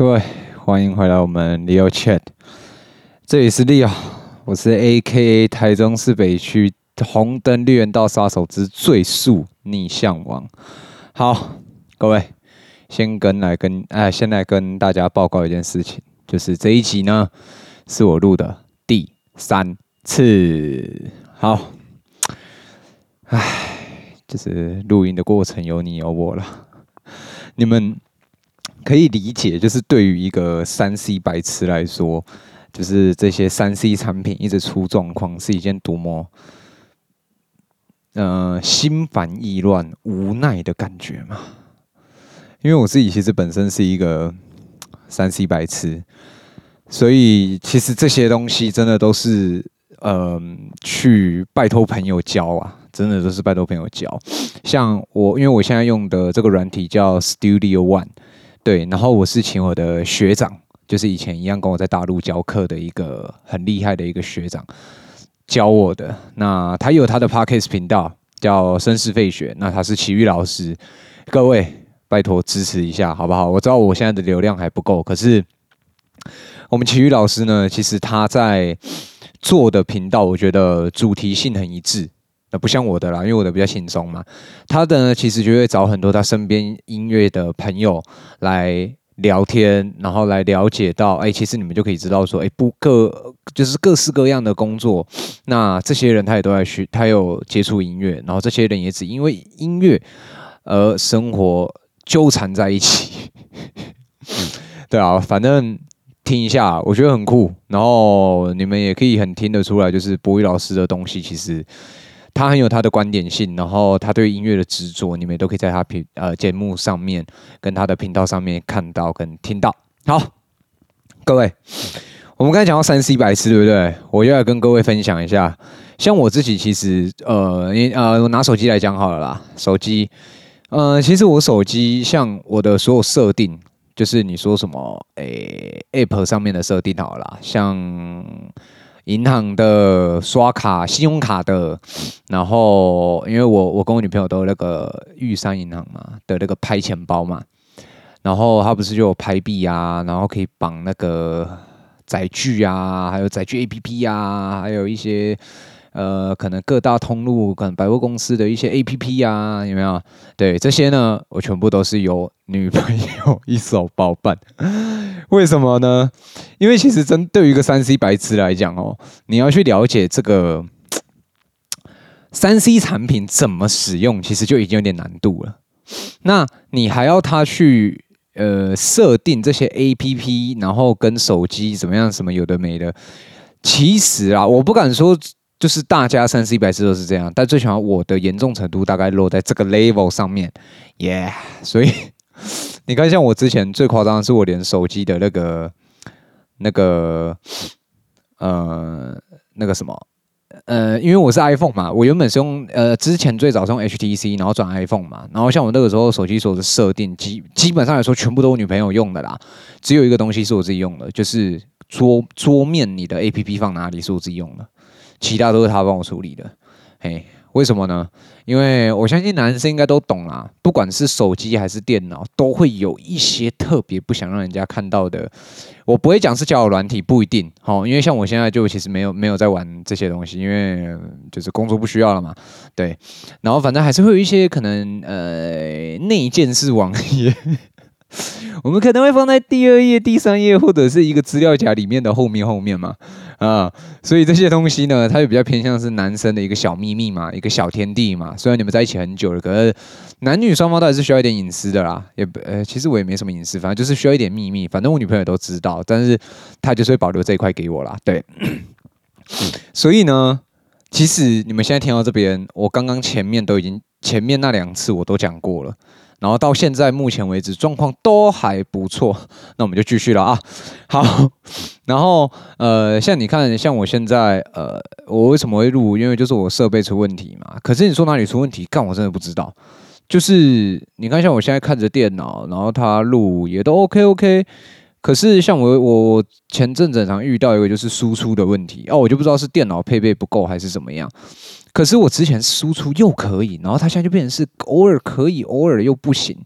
各位，歡迎回來！我們 Leo Chat，這裡是 Leo，我是 AKA 台中市北區紅燈綠人道殺手之最速逆向王。好，各位，先跟來跟，哎，先來跟大家報告一件事情，就是這一集呢，是我錄的第三次。好，哎，就是錄音的過程有你有我了，你們。可以理解，就是對於一個三 C 白痴來說，就是這些三 C 產品一直出狀況是一件多麼，嗯、呃，心煩意亂、無奈的感覺嘛。因為我自己其實本身是一個三 C 白痴，所以其實這些東西真的都是，嗯、呃，去拜托朋友教啊，真的都是拜托朋友教。像我，因為我現在用的這個軟體叫 Studio One。對，然後我是請我的學長，就是以前一樣跟我在大陸教課的一個很厲害的一個學長教我的。那他有他的 podcast 頻道，叫《紳士費雪》，那他是騎慾老師。各位，拜託支持一下，好不好？我知道我現在的流量還不夠，可是我們騎慾老師呢，其實他在做的頻道，我覺得主題性很一致。那不像我的啦，因為我的比較輕鬆嘛。他的呢，其實就會找很多他身邊音樂的朋友來聊天，然後來了解到，哎，其實你們就可以知道說，哎，不各就是各式各樣的工作。那這些人他也都在學，他有接觸音樂，然後這些人也只因為音樂而生活糾纏在一起。 對啊，反正聽一下，我覺得很酷。然後你們也可以很聽得出來，就是博宇老師的東西其實。他很有他的觀點性，然後他對音樂的執着，你們也都可以在他頻呃節目上面跟他的頻道上面看到跟聽到。好，各位，我們剛才講到三 C 白痴對不對？我又要跟各位分享一下，像我自己其實呃，因呃我拿手機來講好了啦，手機，呃，其實我手機像我的所有設定，就是你說什麼，誒，App 上面的設定好了啦，像。銀行的刷卡、信用卡的，然後因為我我跟我女朋友都有那個玉山銀行嘛的那個拍錢包嘛，然後它不是就有拍幣啊，然後可以綁那個載具啊，還有載具 A P P 啊，還有一些。呃，可能各大通路、可能百貨公司的一些 APP 啊，有沒有？對，這些呢，我全部都是由女朋友一手包辦。 為什麼呢？因為其實針對於一個三 C 白痴來講哦、喔，你要去了解這個三 C 產品怎麼使用，其實就已經有點難度了。那你還要他去呃設定這些 APP，然後跟手機怎麼樣，什麼有的沒的。其實啊，我不敢說。就是大家三四一百次都是這樣，但最起碼我的嚴重程度大概落在這個 level 上面，耶、yeah。所以你看，像我之前最誇張的是，我連手機的那個、那個、呃、那個什麼、呃，因為我是 iPhone 嘛，我原本是用呃之前最早是用 HTC，然後轉 iPhone 嘛，然後像我那個時候手機所有的設定基基本上來說全部都我女朋友用的啦，只有一個東西是我自己用的，就是桌桌面你的 APP 放哪裡是我自己用的。其他都是他幫我處理的，嘿，為什麼呢？因為我相信男生應該都懂啦，不管是手機還是電腦，都會有一些特別不想讓人家看到的。我不會講是交友軟體，不一定，哦，因為像我現在就其實沒有沒有在玩這些東西，因為就是工作不需要了嘛，對。然後反正還是會有一些可能，呃，內建是網頁。 我們可能會放在第二頁、第三頁，或者是一個資料夾裡面的後面後面嘛，啊，所以這些東西呢，它也比較偏向是男生的一個小秘密嘛，一個小天地嘛。雖然你們在一起很久了，可是男女雙方到底是需要一點隱私的啦。也不呃，其實我也沒什麼隱私，反正就是需要一點秘密。反正我女朋友都知道，但是她就是會保留這一塊給我啦。對，嗯，所以呢，其實你們現在聽到這邊，我剛剛前面都已經前面那兩次我都講過了。然後到現在目前為止，狀況都還不錯，那我們就繼續了啊。好，然後呃，像你看，像我現在呃，我為什麼會錄？因為就是我設備出問題嘛。可是你說哪裡出問題？幹，我真的不知道。就是你看，像我現在看着電腦，然後它錄也都 OK OK。可是像我我前陣子常遇到一個就是輸出的問題哦，我就不知道是電腦配備不夠還是怎麼樣。可是我之前輸出又可以，然後它現在就變成是偶爾可以，偶爾又不行。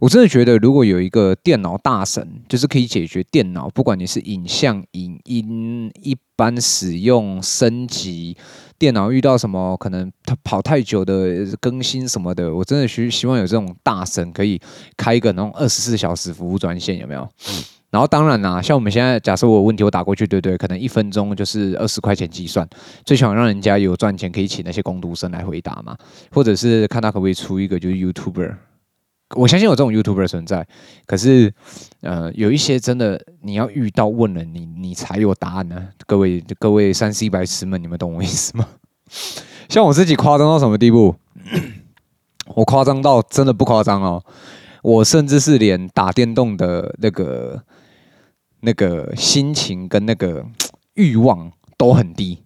我真的覺得，如果有一個電腦大神，就是可以解決電腦，不管你是影像、影音、一般使用、升級電腦遇到什麼，可能跑太久的更新什麼的，我真的需希望有這種大神可以開一個那種二十四小時服務專線，有沒有？然後當然啦，像我們現在假設我有問題，我打過去，對不對，可能一分鐘就是二十塊錢計算，最起碼讓人家有賺錢可以請那些工讀生來回答嘛，或者是看他可不可以出一個就是 YouTuber，我相信有這種 YouTuber 存在。可是，呃，有一些真的你要遇到問了你，你才有答案呢、啊。各位各位三 C 白痴們，你們懂我意思嗎？像我自己誇張到什麼地步？ 我誇張到真的不誇張哦，我甚至是連打電動的那個。那個心情跟那個慾望都很低。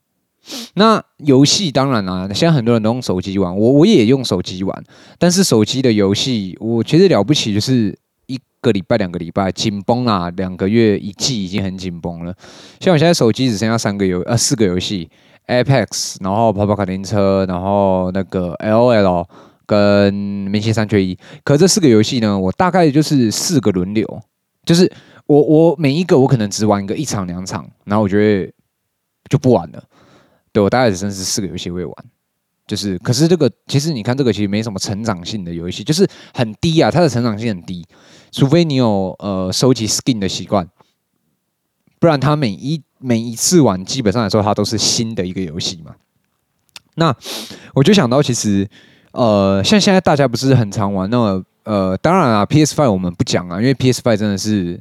那遊戲當然啦，啊，現在很多人都用手機玩，我我也用手機玩。但是手機的遊戲，我其實了不起，就是一個禮拜，兩個禮拜緊繃啊，兩個月一季已經很緊繃了。像我現在手機只剩下三個遊啊，呃，四個遊戲：Apex，然後跑跑卡丁車，然後那個 l l 跟明星三缺一。可這四個遊戲呢，我大概就是四個輪流，就是。我我每一個我可能只玩一個一場兩場，然後我覺得就不玩了。對我大概只剩四個遊戲會玩，就是可是這個其實你看這個其實沒什麼成長性的遊戲，就是很低啊，它的成長性很低，除非你有呃收集 skin 的習慣，不然他每一每一次玩基本上來說它都是新的一個遊戲嘛。那我就想到其實呃像現在大家不是很常玩，那麼呃當然啊 PS Five 我們不講啊，因為 PS Five 真的是。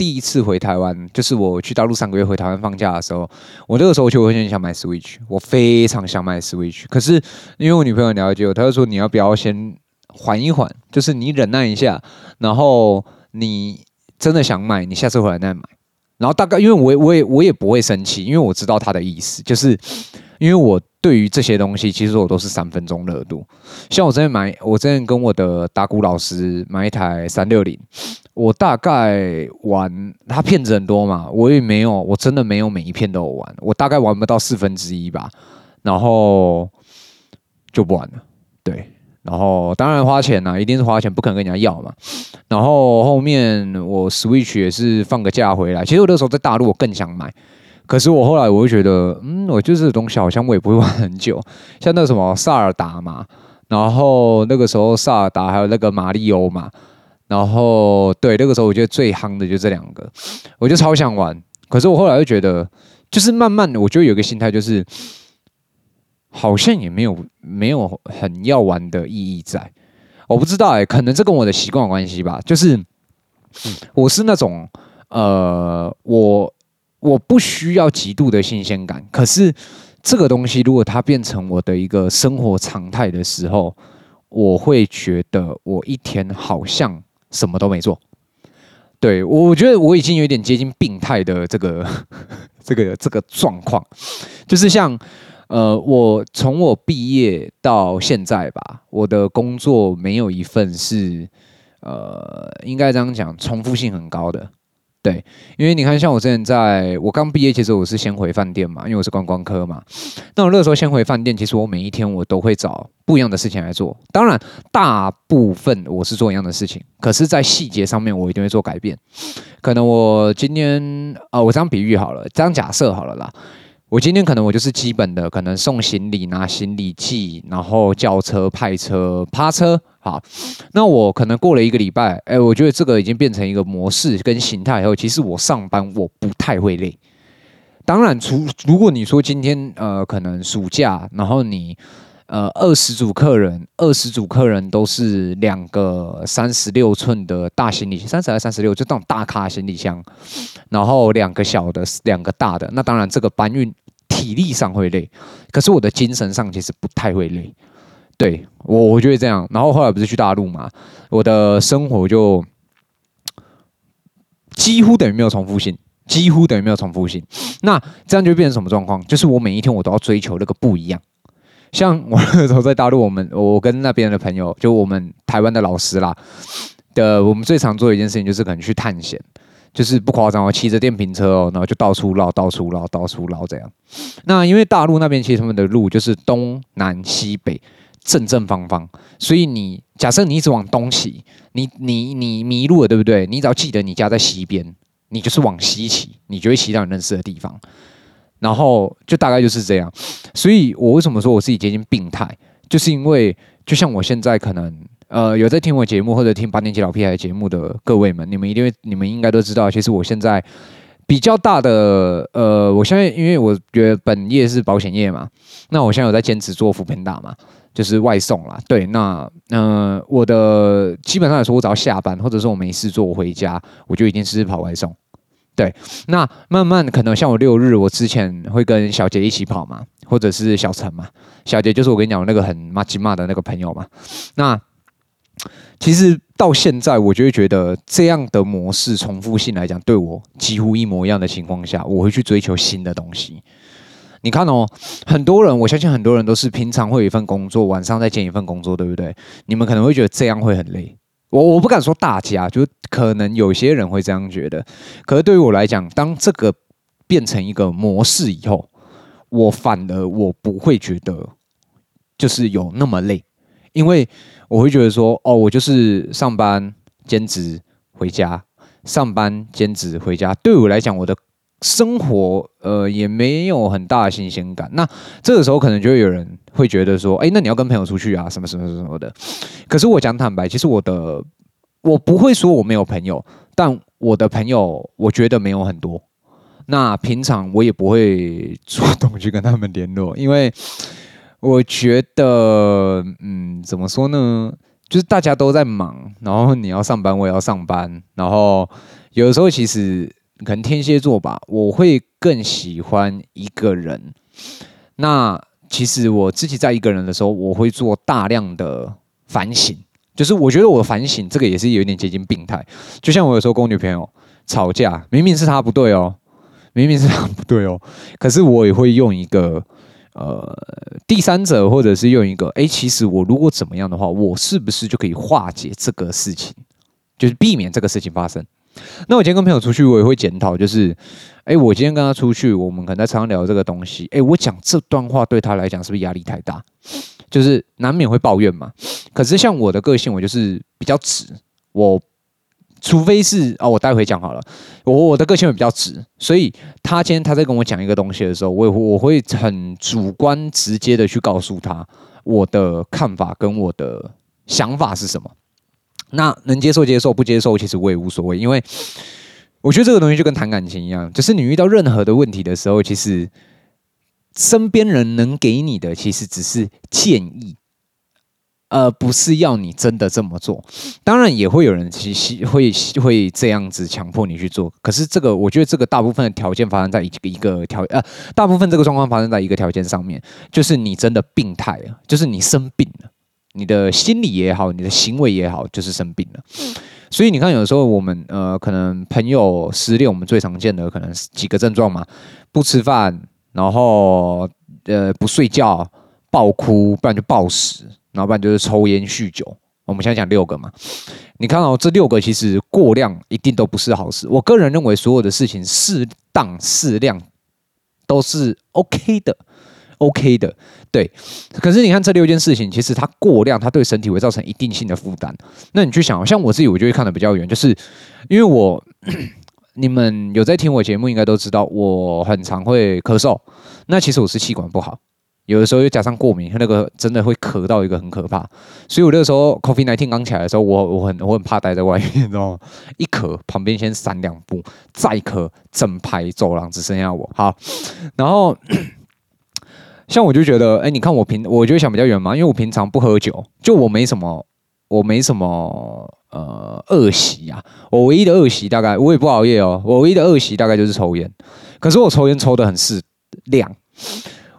第一次回台灣，就是我去大陸三個月回台灣放假的時候，我這個時候就會很想買 Switch，我非常想買 Switch。可是因為我女朋友了解我，她就說你要不要先緩一緩，就是你忍耐一下，然後你真的想買，你下次回來再買。然後大概因為我我也我也不會生氣，因為我知道她的意思，就是因為我對於這些東西其實我都是三分鐘熱度。像我之前買，我之前跟我的打鼓老師買一台三六零。我大概玩它片子很多嘛，我也沒有，我真的沒有每一片都有玩，我大概玩不到四分之一吧，然後就不玩了，對，然後當然花錢啦、啊，一定是花錢，不可能跟人家要嘛。然後後面我 Switch 也是放個假回來，其實我那時候在大陸我更想買，可是我後來我就覺得，嗯，我就是東西好像我也不會玩很久，像那什麼薩爾達嘛，然後那個時候薩爾達還有那個馬里歐嘛。然後對那個時候，我覺得最夯的就這兩個，我就超想玩。可是我後來又覺得，就是慢慢的，我就有一個心態，就是好像也沒有沒有很要玩的意義在。我不知道哎，可能這跟我的習慣有關係吧。就是我是那種呃，我我不需要極度的新鮮感。可是這個東西如果它變成我的一個生活常態的時候，我會覺得我一天好像。什麼都沒做，對，我覺得我已經有點接近病態的這個這個這個狀況，就是像，呃，我從我畢業到現在吧，我的工作沒有一份是，呃，應該這樣講，重複性很高的。對，因為你看，像我之前在我剛畢業，其實我是先回飯店嘛，因為我是觀光科嘛。那我那時候先回飯店，其實我每一天我都會找不一樣的事情來做。當然，大部分我是做一樣的事情，可是，在細節上面，我一定會做改變。可能我今天啊，我這樣比喻好了，這樣假設好了啦。我今天可能我就是基本的，可能送行李、拿行李寄，然後叫車、派車、趴車。好，那我可能過了一個禮拜，哎，我覺得這個已經變成一個模式跟形態以後，然後其實我上班我不太會累。當然，除如果你說今天呃可能暑假，然後你。呃，二十組客人，二十組客人都是兩個三十六寸的大行李箱，三十二三十六，就那種大卡行李箱，然後兩個小的，兩個大的。那當然，這個搬運體力上會累，可是我的精神上其實不太會累。對，我我覺得這樣。然後後來不是去大陸嘛，我的生活就幾乎等於沒有重複性，幾乎等於沒有重複性。那這樣就變成什麼狀況？就是我每一天我都要追求那個不一樣。像我那時候在大陸，我們我跟那邊的朋友，就我們台灣的老師啦，的我們最常做的一件事情就是可能去探險，就是不誇張哦，騎着電瓶車哦，然後就到處繞、到處繞、到處繞，處繞這樣。那因為大陸那邊其實他們的路就是東南西北正正方方，所以你假設你一直往東騎，你你你迷路了，對不對？你只要記得你家在西邊，你就是往西騎，你就會騎到你認識的地方。然後就大概就是這樣，所以我為什麼說我自己接近病態，就是因為就像我現在可能呃有在聽我節目或者聽八年級老屁孩節目的各位們，你們一定會你們應該都知道，其實我現在比較大的呃，我相信，因為我覺得本業是保險業嘛，那我現在有在兼職做 foodpanda 嘛，就是外送啦。對，那那、呃、我的基本上來說，我只要下班或者說我沒事做，我回家我就一定是跑外送。對，那慢慢可能像我六日，我之前會跟小杰一起跑嘛，或者是小陳嘛。小杰就是我跟你講那個很馬吉馬的那個朋友嘛。那其實到現在，我就會覺得這樣的模式重複性來講，對我幾乎一模一樣的情況下，我會去追求新的東西。你看哦，很多人，我相信很多人都是平常會有一份工作，晚上再兼一份工作，對不對？你們可能會覺得這樣會很累。我我不敢說大家，就可能有些人會這樣覺得，可是對於我來講，當這個變成一個模式以後，我反而我不會覺得就是有那麼累，因為我會覺得說，哦，我就是上班兼職回家，上班兼職回家，對於我來講，我的。生活呃，也沒有很大的新鮮感，那這個時候可能就會有人會覺得說，欸，那你要跟朋友出去啊，什麼什麼什麼的。可是我講坦白，其實我的我不會說我沒有朋友，但我的朋友我覺得沒有很多。那平常我也不會主動去跟他們聯絡，因為我覺得嗯，怎麼說呢，就是大家都在忙，然後你要上班，我也要上班，然後有的時候其實。可能天蠍座吧，我會更喜歡一個人。那其實我自己在一個人的時候，我會做大量的反省。就是我覺得我反省這個也是有一點接近病態。就像我有時候跟我女朋友吵架，明明是她不對哦，明明是她不對哦，可是我也會用一個呃第三者，或者是用一個哎，其實我如果怎麼樣的話，我是不是就可以化解這個事情，就是避免這個事情發生。那我今天跟朋友出去，我也會檢討，就是，誒，我今天跟他出去，我們可能在常常聊這個東西，誒，我講這段話對他來講是不是壓力太大？就是難免會抱怨嘛。可是像我的個性，我就是比較直，我除非是哦，我待會講好了，我我的個性我比較直，所以他今天他在跟我講一個東西的時候，我我會很主觀直接的去告訴他我的看法跟我的想法是什麼。那能接受接受不接受，其實我也無所謂，因為我覺得這個東西就跟談感情一樣，就是你遇到任何的問題的時候，其實身邊人能給你的其實只是建議、呃，而不是要你真的這麼做。當然也會有人去會會這樣子強迫你去做，可是這個我覺得這個大部分的條件發生在一個一個條件呃，大部分這個狀況發生在一個條件上面，就是你真的病態了，就是你生病了。你的心理也好，你的行為也好，就是生病了。嗯、所以你看，有的時候我們呃，可能朋友失戀，我們最常見的可能幾個症狀嘛：不吃飯，然後呃不睡覺，暴哭，不然就暴食，然後不然就是抽煙酗酒。我們現在講六個嘛，你看哦，這六個其實過量一定都不是好事。我個人認為，所有的事情適當適量都是 OK 的。OK 的，對。可是你看這六件事情，其實它過量，它對身體會造成一定性的負擔。那你去想，像我自己，我就會看得比較遠，就是因為我，你們有在聽我節目，應該都知道，我很常會咳嗽。那其實我是氣管不好，有的時候又加上過敏，那個真的會咳到一個很可怕。所以我那個時候 COVID-19 剛起來的時候，我我很我很怕待在外面，你知道嗎？一咳，旁邊先閃兩步，再咳，整排走廊只剩下我。好，然後。 像我就覺得，哎，你看我平，我就想比較遠嘛，因為我平常不喝酒，就我沒什麼，我沒什麼呃惡習呀、啊。我唯一的惡習大概，我也不熬夜哦。我唯一的惡習大概就是抽菸，可是我抽菸抽得很適量。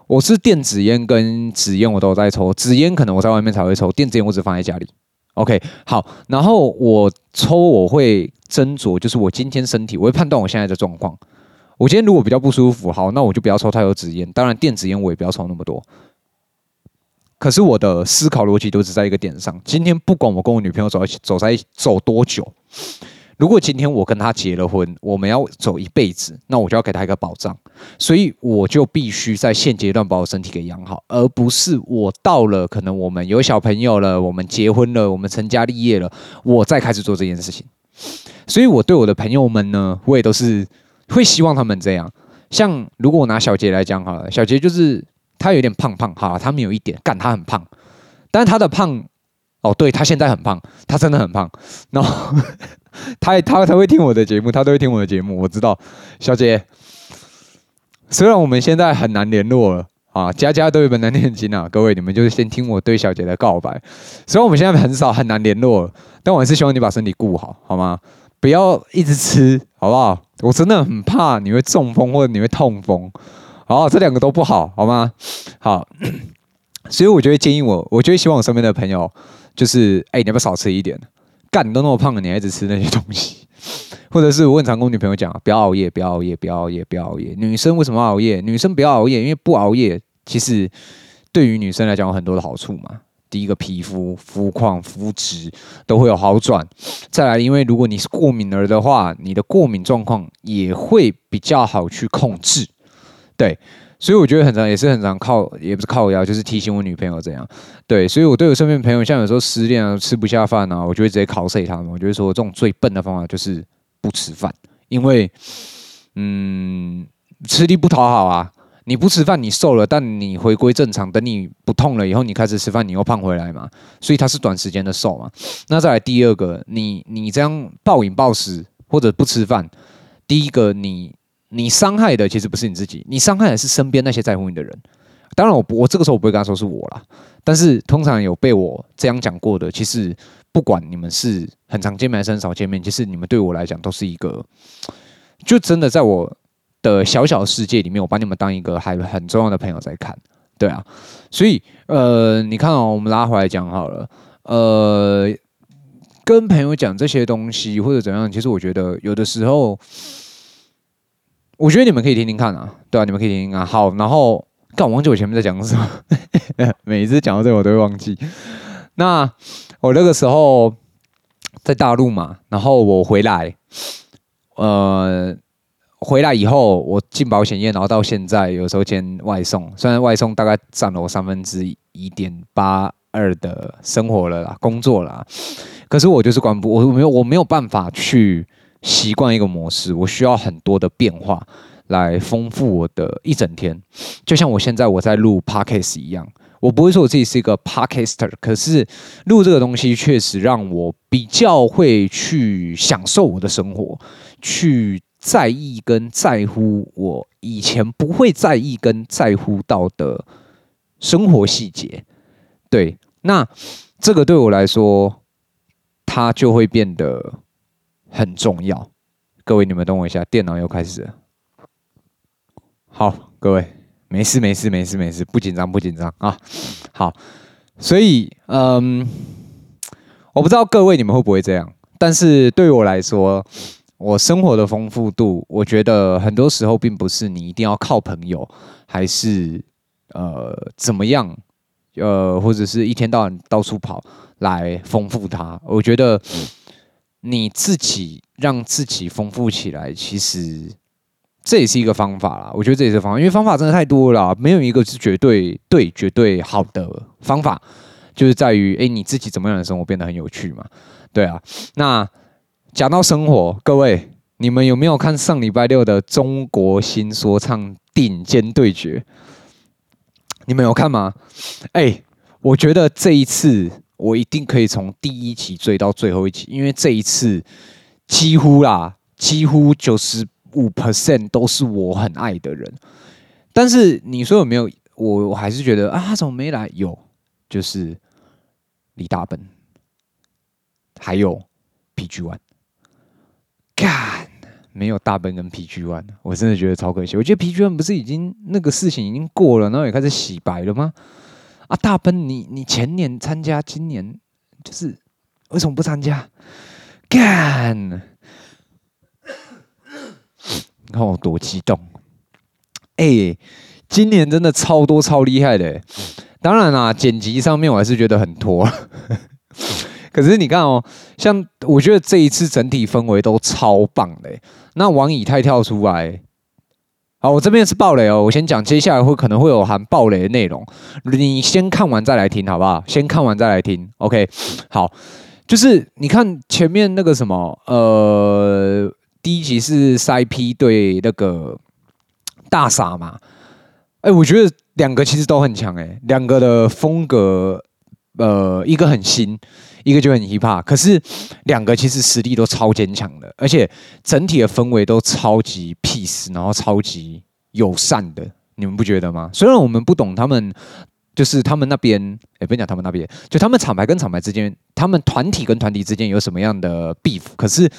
我是電子菸跟紙菸我都有在抽，紙菸可能我在外面才會抽，電子菸我只放在家裡。OK，好，然後我抽我會斟酌，就是我今天身體，我會判斷我現在的狀況。我今天如果比較不舒服，好，那我就不要抽太多紙煙。當然，電子煙我也不要抽那麼多。可是我的思考邏輯都只在一個點上：今天不管我跟我女朋友走走在一起走多久，如果今天我跟她結了婚，我們要走一輩子，那我就要給她一個保障。所以我就必須在現階段把我身體給養好，而不是我到了可能我們有小朋友了，我們結婚了，我們成家立業了，我再開始做這件事情。所以我對我的朋友們呢，我也都是。會希望他們這樣，像如果我拿小杰來講好了，小杰就是他有點胖胖，哈，他們有一點但他很胖，但是他的胖，哦，對他現在很胖，他真的很胖，然後他也他他會聽我的節目，他都會聽我的節目，我知道小杰，雖然我們現在很難聯絡了啊，家家都有本難念的經啊。各位你們就是先聽我對小杰的告白，雖然我們現在很少很難聯絡，但我還是希望你把身體顧好，好嗎？不要一直吃，好不好？我真的很怕你會中風或者你會痛風，好這兩個都不好，好嗎？好，所以我覺得建議我，我就希望我身邊的朋友，就是哎，你要不要少吃一點？幹，你都那麼胖了，你還一直吃那些東西？或者是我問長工女朋友講不，不要熬夜，不要熬夜，不要熬夜，不要熬夜。女生為什麼要熬夜？女生不要熬夜，因為不熬夜，其實對於女生來講有很多的好處嘛。第一個，皮膚膚況膚質都會有好轉，再來，因為如果你是過敏兒的話，你的過敏狀況也會比較好去控制。對，所以我覺得很常也是很常靠，也不是靠腰，就是提醒我女朋友怎樣。對，所以我對我身邊朋友，像有時候失戀啊、吃不下飯啊，我就會直接 c o s a y 他們。我就會說，這種最笨的方法就是不吃飯，因為嗯，吃力不討好啊。你不吃飯，你瘦了，但你回歸正常。等你不痛了以後，你開始吃飯，你又胖回來嘛。所以它是短時間的瘦嘛。那再來第二個，你你這樣暴飲暴食或者不吃飯、嗯，第一個你你傷害的其實不是你自己，你傷害的是身邊那些在乎你的人。當然我，我我這個時候我不會跟他說是我啦。但是通常有被我這樣講過的，其實不管你們是很常見面還是很少見面，其實你們對我來講都是一個，就真的在我的小小世界裡面，我把你們當一個還很重要的朋友在看，對啊，所以呃，你看哦，我們拉回來講好了，呃，跟朋友講這些東西或者怎樣，其實我覺得有的時候，我覺得你們可以聽聽看啊，對啊，你們可以聽聽看啊。好，然後，幹，我忘記我前面在講什麼， 每一次講到這個我都會忘記。那我那個時候在大陸嘛，然後我回來，呃。回來以後，我進保險業，然後到現在，有時候兼外送。雖然外送大概占了我三分之一點八二的生活了啦，工作了啦，可是我就是關不，我沒有，我沒有辦法去習慣一個模式。我需要很多的變化來豐富我的一整天。就像我現在我在錄 Podcast 一樣，我不會說我自己是一個 Podcaster，可是錄這個東西確實讓我比較會去享受我的生活，去。在意跟在乎我以前不會在意跟在乎到的生活細節，對，那這個對我來說，它就會變得很重要。各位，你們等我一下，電腦又開始了。好，各位，沒事，沒事，沒事，沒事，不緊張，不緊張啊。好，所以，嗯，我不知道各位你們會不會這樣，但是對我來說。我生活的豐富度，我覺得很多時候並不是你一定要靠朋友，還是呃怎麼樣，呃或者是一天到晚到處跑來豐富它。我覺得你自己讓自己豐富起來，其實這也是一個方法啦。我覺得這也是一個方法，因為方法真的太多了，沒有一個是絕對對、絕對好的方法，就是在於哎你自己怎麼樣的生活變得很有趣嘛？對啊，那。講到生活，各位，你們有沒有看上禮拜六的《中國新說唱》頂尖對決？你們有看嗎？哎、欸，我覺得這一次我一定可以從第一集追到最後一集，因為這一次幾乎啦，幾乎九十五 percent 都是我很愛的人。但是你說有沒有？我我還是覺得啊，他怎麼沒來？有，就是李大奔，還有 PG One。幹，沒有大奔跟 PG One，我真的覺得超可惜。我覺得 PG One 不是已經那個事情已經過了，然後也開始洗白了嗎？啊，大奔，你你前年參加，今年就是為什麼不參加？幹，你看我多激動！哎、欸，今年真的超多超厲害的。當然啦、啊，剪輯上面我還是覺得很拖。 可是你看哦，像我覺得這一次整體氛圍都超棒的。那王以太跳出來，好，我這邊是爆雷哦。我先講，接下來會可能會有含爆雷的內容，你先看完再來聽好不好？先看完再來聽，OK。好，就是你看前面那個什麼，呃，第一集是 Psy.P 對那個大傻嘛，哎、欸，我覺得兩個其實都很強哎，兩個的風格，呃，一個很新。一個就很 hip hop，可是兩個其實實力都超堅強的，而且整體的氛圍都超級 peace，然後超級友善的，你們不覺得嗎？雖然我們不懂他們，就是他們那邊，哎、欸，別講他們那邊，就他們廠牌跟廠牌之間，他們團體跟團體之間有什麼樣的 beef，可是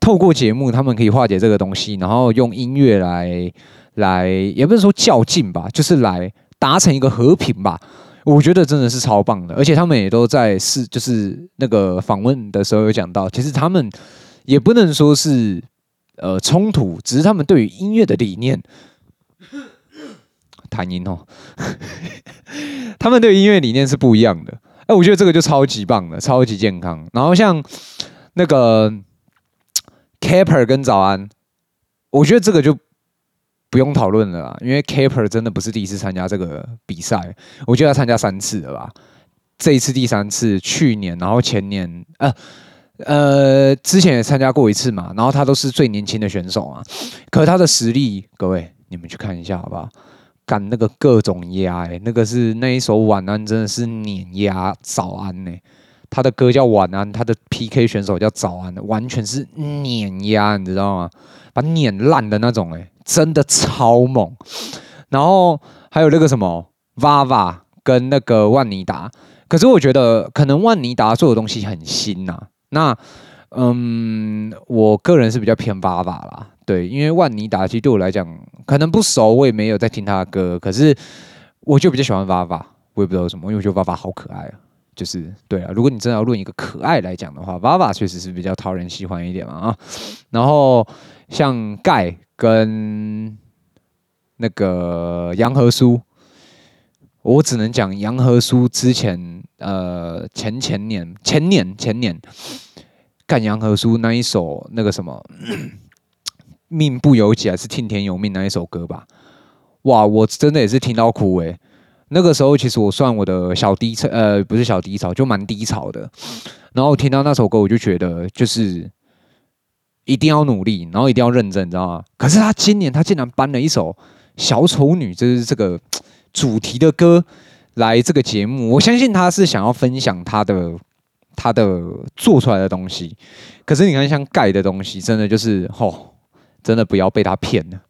透過節目，他們可以化解這個東西，然後用音樂來來，也不是說較勁吧，就是來達成一個和平吧。我覺得真的是超棒的，而且他們也都在是，就是那個訪問的時候有講到，其實他們也不能說是呃衝突，只是他們對於音樂的理念， 彈音哦， 他們對音樂的理念是不一樣的。哎、欸，我覺得這個就超級棒的，超級健康。然後像那個 Caper 跟早安，我覺得這個就。不用討論了啦，因為 Caper 真的不是第一次參加這個比賽，我覺得他參加三次了吧？這一次第三次，去年，然後前年，呃、啊、呃，之前也參加過一次嘛。然後他都是最年輕的選手啊，可是他的實力，各位你們去看一下好不好？趕那個各種壓、欸，那個是那一首《晚安》真的是碾壓《早安》欸呢。他的歌叫《晚安》，他的 PK 選手叫《早安》，完全是碾壓，你知道嗎？把碾爛的那種、欸，真的超猛。然後還有那個什麼 VAVA 跟那個萬妮達，可是我覺得可能萬妮達做的東西很新吶、啊。那，嗯，我個人是比較偏 VAVA 啦，對，因為萬妮達其實對我來講可能不熟，我也沒有在聽他的歌。可是我就比較喜歡 VAVA，我也不知道為什麼，因為我覺得 VAVA 好可愛啊。就是對啊，如果你真的要論一個可愛來講的話，VAVA 確實是比較討人喜歡一點嘛啊。然後像 GAI 跟那個楊和蘇，我只能講楊和蘇之前呃前前年前年前年看楊和蘇那一首那個什麼 命不由己還是聽天由命那一首歌吧，哇，我真的也是聽到哭哎。那個時候，其實我算我的小低，呃，不是小低潮，就蠻低潮的。然後我聽到那首歌，我就覺得就是一定要努力，然後一定要認真，你知道嗎？可是他今年他竟然搬了一首小丑女，就是這個主題的歌來這個節目。我相信他是想要分享他的他的做出來的東西。可是你看，像蓋的東西，真的就是吼，真的不要被他騙了。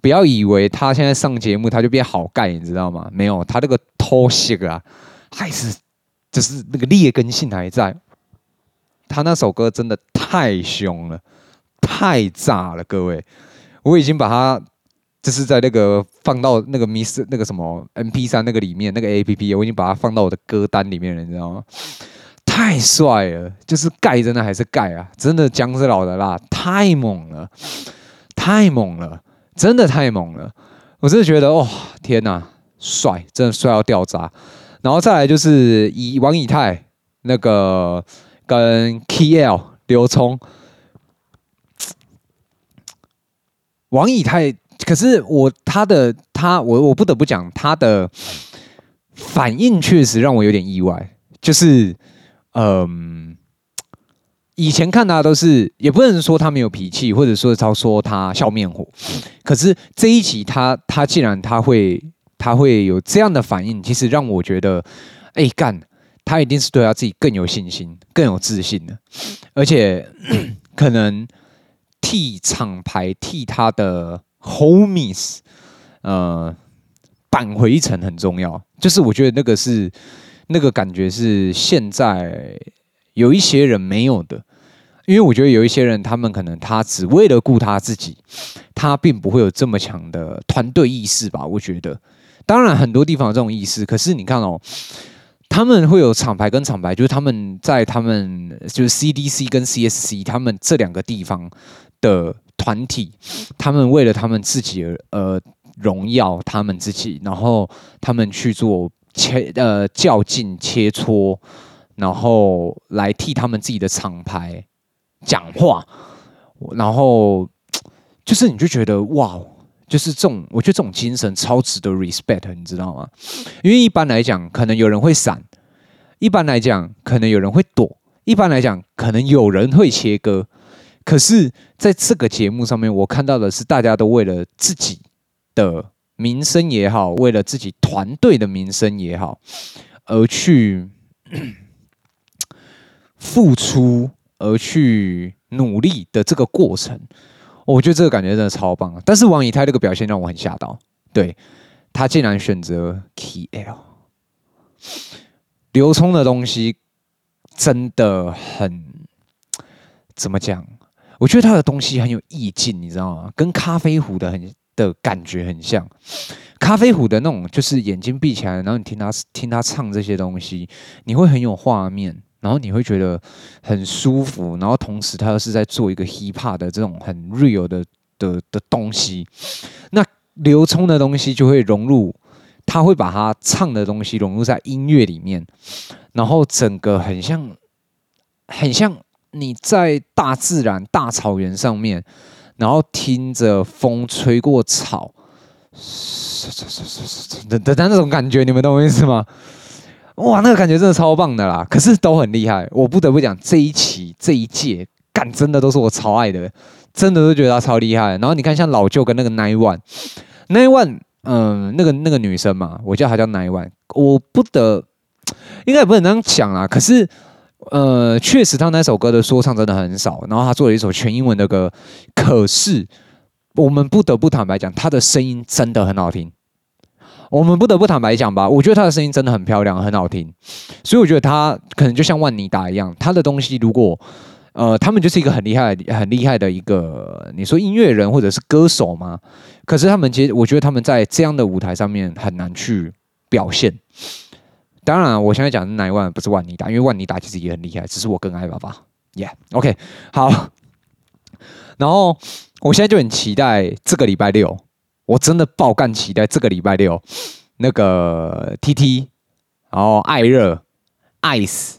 不要以為他現在上節目他就變好蓋，你知道嗎？沒有，他這個偷襲啊，還是就是那個劣根性還在。他那首歌真的太兇了，太炸了，各位！我已經把他就是在那個放到那個 Miss 那個什麼 MP3 那個裡面那個 APP，我已經把它放到我的歌單裡面了，你知道嗎？太帥了，就是蓋真的還是蓋啊，真的薑是老的辣，太猛了，太猛了！真的太猛了，我真的覺得哇、哦，天哪、啊，帥，真的帥到掉渣。然後再來就是以王以太那個跟 K L 劉聰，王以太、那個，可是我他的他，我我不得不講他的反應確實讓我有點意外，就是嗯。呃以前看他、啊、都是，也不能說他沒有脾氣，或者說他說他笑面虎。可是這一集他他竟然他會他會有這樣的反應，其實讓我覺得，哎、欸、幹，他一定是對他自己更有信心、更有自信的。而且咳咳可能替廠牌、替他的 homies，呃，扳回一城很重要。就是我覺得那個是那個感覺是現在有一些人沒有的。因為我覺得有一些人，他們可能他只為了顧他自己，他並不會有這麼強的團隊意識吧？我覺得，當然很多地方有這種意識。可是你看哦，他們會有廠牌跟廠牌，就是他們在他們就是 CDC 跟 CSC 他們這兩個地方的團體，他們為了他們自己而呃榮耀他們自己，然後他們去做切呃較勁切磋，然後來替他們自己的廠牌。講話，然後就是，你就覺得哇，就是這種，我覺得這種精神超值得 respect，你知道嗎？因為一般來講，可能有人會閃；一般來講，可能有人會躲；一般來講，可能有人會切割。可是，在這個節目上面，我看到的是，大家都為了自己的名聲也好，為了自己團隊的名聲也好，而去 付出。而去努力的這個過程，oh, 我覺得這個感覺真的超棒。但是王以太這個表現讓我很嚇到，對，他竟然選擇 KL。劉聰的東西真的很，怎麼講？我覺得他的東西很有意境，你知道嗎？跟咖啡壺的很的感覺很像，咖啡壺的那種，就是眼睛閉起來，然後你聽他聽他唱這些東西，你會很有畫面。然後你會覺得很舒服，然後同時他又是在做一個 hiphop 的這種很 real 的的的東西，那劉聰的東西就會融入，他會把他唱的東西融入在音樂裡面，然後整個很像很像你在大自然大草原上面，然後聽着風吹過草，等等唰的的那種感覺，你們懂我意思嗎？哇，那個感覺真的超棒的啦！可是都很厲害，我不得不講這一期這一屆幹真的都是我超愛的，真的都覺得他超厲害。然後你看像老舅跟那個 Nine One，Nine One，呃，嗯，那個那個女生嘛，我叫她叫 Nine One 我不得應該也不能這樣講啦，可是呃，確實他那首歌的說唱真的很少，然後他做了一首全英文的歌，可是我們不得不坦白講，他的聲音真的很好聽。我們不得不坦白講吧，我覺得他的聲音真的很漂亮，很好聽，所以我覺得他可能就像萬妮達一樣，他的東西如果，呃，他們就是一個很厲害、很厲害的一個，你說音樂人或者是歌手嗎？可是他們其實，我覺得他們在這樣的舞台上面很難去表現。當然、啊，我現在講的乃萬不是萬妮達，因為萬妮達其實也很厲害，只是我更愛爸爸。Yeah，OK，okay，好。然後我現在就很期待這個禮拜六。我真的爆肝期待這個禮拜六，那個 T T，然後艾熱，Ice，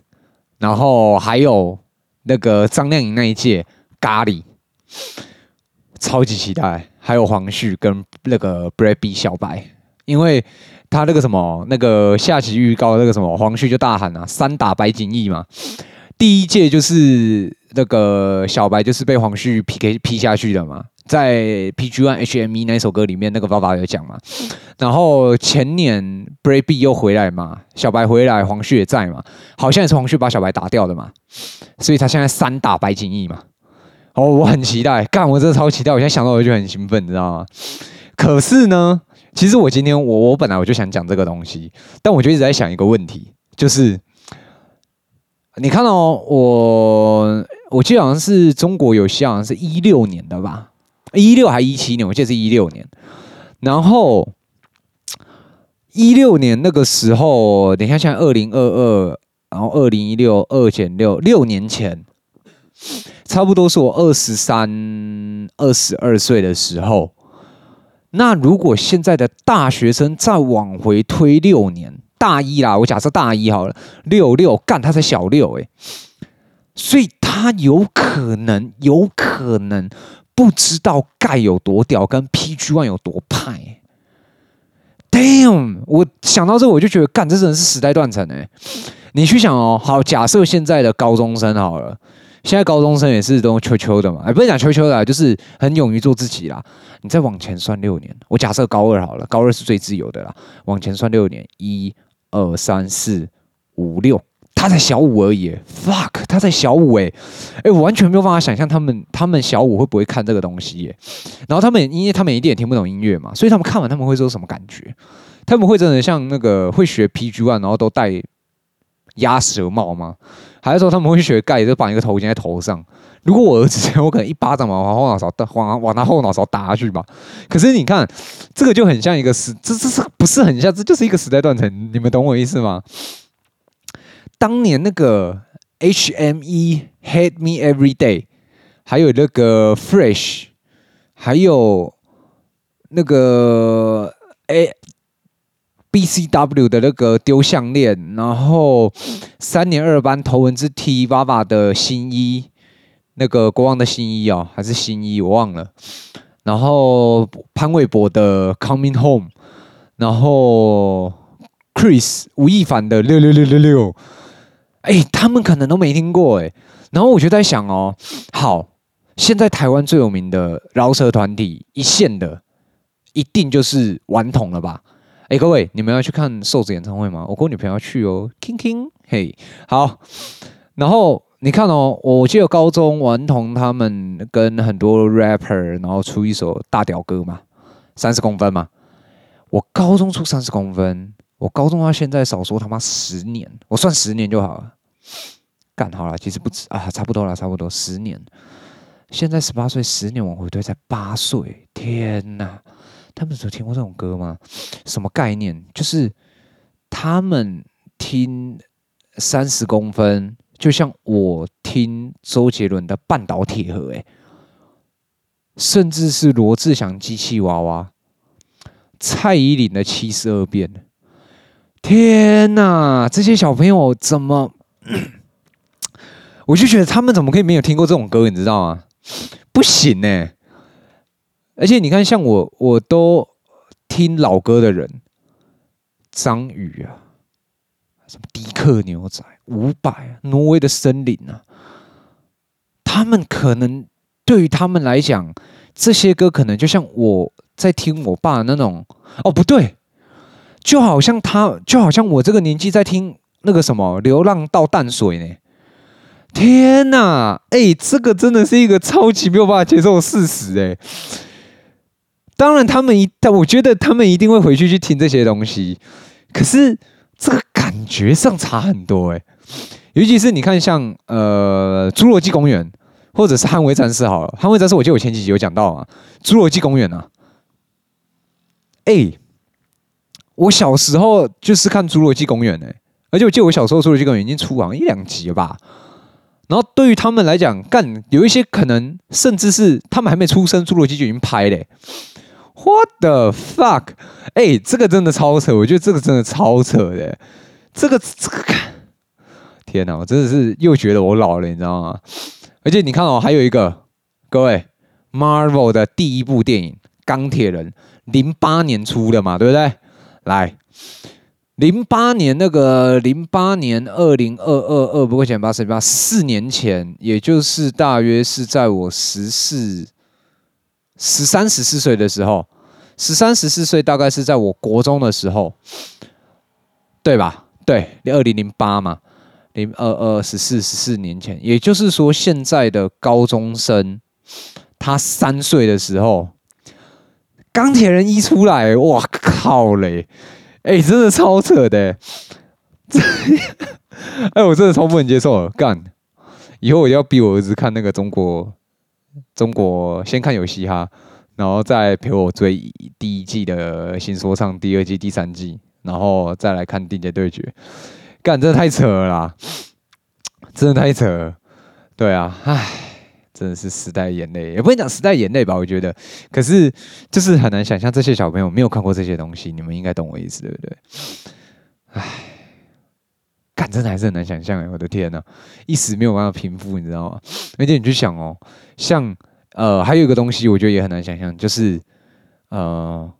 然後還有那個張靚穎那一屆咖喱，超級期待。還有黃旭跟那個、Brad B 小白，因為他那個什麼，那個下集預告那個什麼，黃旭就大喊了、啊，三打白景毅嘛。第一屆就是那個小白就是被黃旭 PK 劈下去的嘛。在 PG One HME 那首歌裡面，那個爸爸有講嘛。然後前年 Brave B 又回來嘛，小白回來，黃旭也在嘛，好像也是黃旭把小白打掉的嘛。所以他現在三打白景一嘛。哦，我很期待，幹，我真的超期待，我現在想到我就很興奮，你知道嗎？可是呢，其實我今天我我本來我就想講這個東西，但我就一直在想一個問題，就是你看到、哦、我，我記得好像是中國遊戲，好像是一六年的吧。一六還一七年，我記得是一六年。然後一六年那個時候，等一下，現在二零二二，然後二零一六，二減六，六年前，差不多是我二十三、二十二歲的時候。那如果現在的大學生再往回推六年，大一啦，我假設大一好了，六六幹，他才小六欸，所以他有可能，有可能。不知道蓋有多屌，跟 PG One 有多派。Damn！我想到這，我就覺得幹，這真的是時代斷層哎。你去想哦，好，假設現在的高中生好了，現在高中生也是都秋秋的嘛，哎，不是講秋秋的，就是很勇於做自己啦。你再往前算六年，我假設高二好了，高二是最自由的啦。往前算六年，一二三四五六。他在小五而已，fuck，他在小五哎，哎、欸，我完全沒有辦法想象他們，他們小五會不會看這個東西耶？然後他們，因為他們也一定也聽不懂音樂嘛，所以他們看完他們會說什麼感覺？他們會真的像那個會學 PG One，然後都戴鴨舌帽嗎？還是說他們會學蓋，就綁一個頭巾在頭上？如果我兒子這樣，我可能一巴掌把他後腦勺，往往他後腦勺打下去吧。可是你看，這個就很像一個時，這這是不是很像？這就是一個時代斷層，你們懂我意思嗎？當年那個 H M E Hate Me Every Day，還有那個 Fresh，還有那個 A B C W 的那個丟項鏈然後三年二班頭文字 T VAVA 的新衣，那個國王的新衣啊、哦，還是新衣我忘了。然後潘瑋柏的 Coming Home，然後 Chris 吳亦凡的六六六六六。哎，他們可能都沒聽過哎，然後我就在想哦，好，現在台灣最有名的饒舌團體一線的，一定就是頑童了吧？哎，各位，你們要去看瘦子演唱會嗎？我跟我女朋友要去哦，聽聽嘿，好。然後你看哦，我記得高中頑童他們跟很多 rapper，然後出一首大屌歌嘛，三十公分嘛。我高中出三十公分。我高中到現在少說他媽十年，我算十年就好了，幹好了，其實不止啊，差不多了，差不多十年。現在十八歲，十年往回推才八歲，天哪！他們有聽過這種歌嗎？什麼概念？就是他們聽三十公分，就像我聽周杰倫的《半島鐵盒》，哎，甚至是羅志祥《機器娃娃》，蔡依林的《七十二變》。天吶、啊，這些小朋友怎麼？ 我就覺得他們怎麼可以沒有聽過這種歌？你知道嗎？不行呢！而且你看，像我，我都聽老歌的人，張宇啊，什麼迪克牛仔、伍佰、挪威的森林啊，他們可能對於他們來講，這些歌可能就像我在聽我爸那種。哦，不對。就好像他，就好像我這個年紀在聽那個什麼《流浪到淡水》呢？天哪、啊，哎、欸，這個真的是一個超級沒有辦法接受的事實哎。當然，他們一，我覺得他們一定會回去去聽這些東西，可是這個感覺上差很多哎。尤其是你看像，像呃《侏羅紀公園》或者是《捍衛戰士》好了，《捍衛戰士》我記得我前幾集有講到啊，《侏羅紀公園》啊，哎、欸。我小時候就是看《侏羅紀公園》呢，而且我記得我小時候《侏羅紀公園》已經出完一兩集了吧。然後對於他們來講，幹有一些可能甚至是他們還沒出生，侏羅紀就已經拍嘞。What the fuck？哎、欸，這個真的超扯，我覺得這個真的超扯的，這個這個看，天吶、啊，我真的是又覺得我老了，你知道嗎？而且你看哦，還有一個，各位，Marvel 的第一部電影《鋼鐵人》，零八年出的嘛，對不對？來，零八年那個零八年二零二二二，不會減八十吧，八四年前，也就是大約是在我十四、十三十四歲的時候，十三十四歲大概是在我國中的時候，對吧？對，你二零零八嘛，零二二十四十四年前，也就是說，現在的高中生他三歲的時候。鋼鐵人一出來，我靠嘞！哎、欸，真的超扯的、欸，哎、 欸，我真的超不能接受了。幹，以後我要逼我兒子看那個中國，中國先看有嘻哈，然後再陪我追第一季的新說唱，第二季、第三季，然後再來看頂尖對決。幹，真的太扯了，真的太扯。對啊，唉。真的是時代眼淚，也不會講時代眼淚吧。我覺得，可是就是很難想象這些小朋友沒有看過這些東西，你們應該懂我意思，對不對？哎，感真的還是很難想象哎，我的天吶、啊，一時沒有辦法平復，你知道嗎？而且你去想哦，像呃，還有一個東西，我覺得也很難想象，就是呃，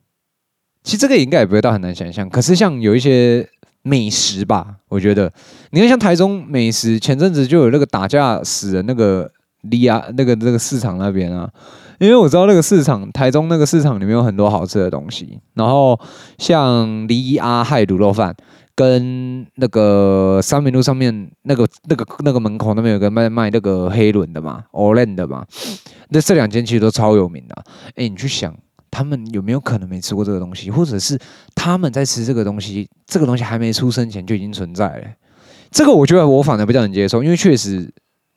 其實這個也應該也不會到很難想象。可是像有一些美食吧，我覺得你看像台中美食，前陣子就有那個打架死人那個。利亞那個那個市場那邊啊，因為我知道那個市場，台中那個市場裡面有很多好吃的東西。然後像利阿海滷肉飯，跟那個三民路上面那個那個那個門口那邊有個賣賣那個黑輪的嘛，Oland 嘛。那這兩間其實都超有名的啊。哎，你去想，他們有沒有可能沒吃過這個東西，或者是他們在吃這個東西，這個東西還沒出生前就已經存在了？這個我覺得我反而比較能接受，因為確實。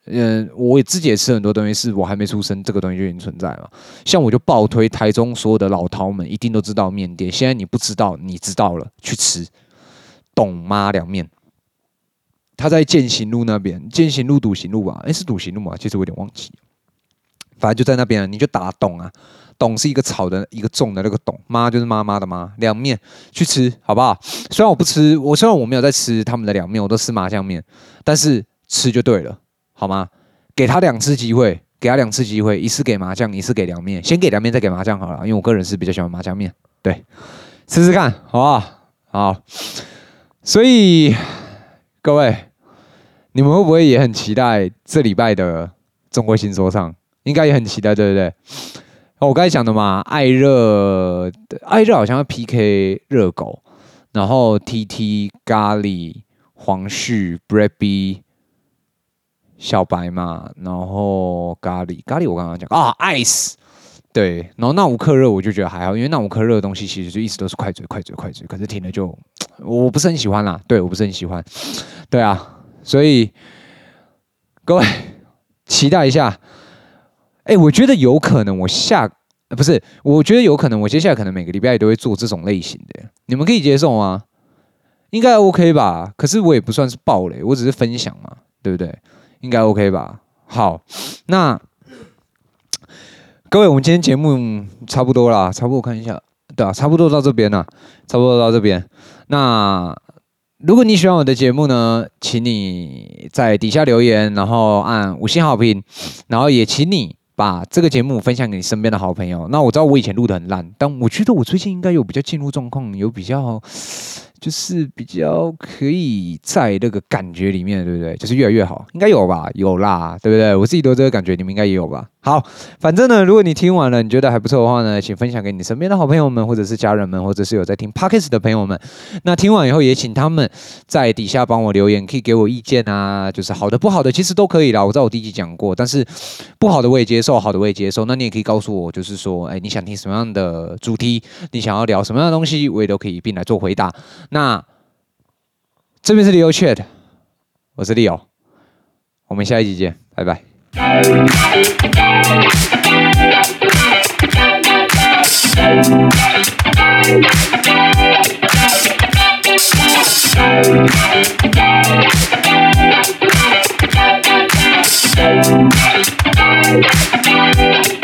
嗯，我也自己也吃很多東西，是我還沒出生，這個東西就已經存在了。像我就爆推台中所有的老饕們，一定都知道麵店。現在你不知道，你知道了，去吃，董媽涼麵。他在健行路那邊，健行路、篤行路吧、啊？哎、欸，是篤行路嘛、啊？其實我有點忘記，反正就在那邊、啊。你就打董啊，董是一個草的，一個種的那個董，媽，就是媽媽的媽，涼麵，去吃好不好？雖然我不吃，我雖然我沒有在吃他們的涼麵，我都吃麻醬麵，但是吃就對了。好嗎？給他兩次機會，給他兩次機會，一次給麻醬，一次給涼麵。先給涼麵，再給麻醬，好了。因為我個人是比較喜歡麻醬麵，對，試試看，好不好？好。所以各位，你們會不會也很期待這禮拜的中國新說唱？應該也很期待，對不對？我剛才講的嘛，艾熱，艾熱好像要 PK 熱狗，然後 TT 咖喱、黃旭、Brady。小白嘛，然後咖喱，咖喱我剛剛講啊，哦，ice，對，然後那吾克熱，我就覺得還好，因為那吾克熱的東西其實就一直都是快嘴快嘴快嘴，可是聽了就我不是很喜歡啦，對，我不是很喜歡，對啊，所以各位期待一下，哎，我覺得有可能我下，不是，我覺得有可能我接下來可能每個禮拜都會做這種類型的，你們可以接受嗎？應該 OK 吧，可是我也不算是爆雷，我只是分享嘛，對不對？應該 OK 吧？好，那各位，我們今天節目差不多啦，差不多我看一下，對啊，差不多到這邊了，差不多到這邊。那如果你喜歡我的節目呢，請你在底下留言，然後按五星好評，然後也請你把這個節目分享給你身邊的好朋友。那我知道我以前錄得很爛，但我覺得我最近應該有比較進入狀況，有比較。就是比較可以在那個感覺裡面，對不對？就是越來越好，應該有吧？有啦，對不對？我自己都這個感覺，你們應該也有吧？好，反正呢，如果你聽完了，你覺得還不錯的話呢，請分享給你身邊的好朋友們，或者是家人們，或者是有在聽 Podcast 的朋友們。那聽完以後也請他們在底下幫我留言，可以給我意見啊，就是好的不好的，其實都可以啦。我在我第一集講過，但是不好的我也接受，好的我也接受。那你也可以告訴我，就是說，哎、欸，你想聽什麼樣的主題？你想要聊什麼樣的東西？我也都可以一併來做回答。那這邊是 Leo Chat，我是 Leo，我們下一集見，拜拜。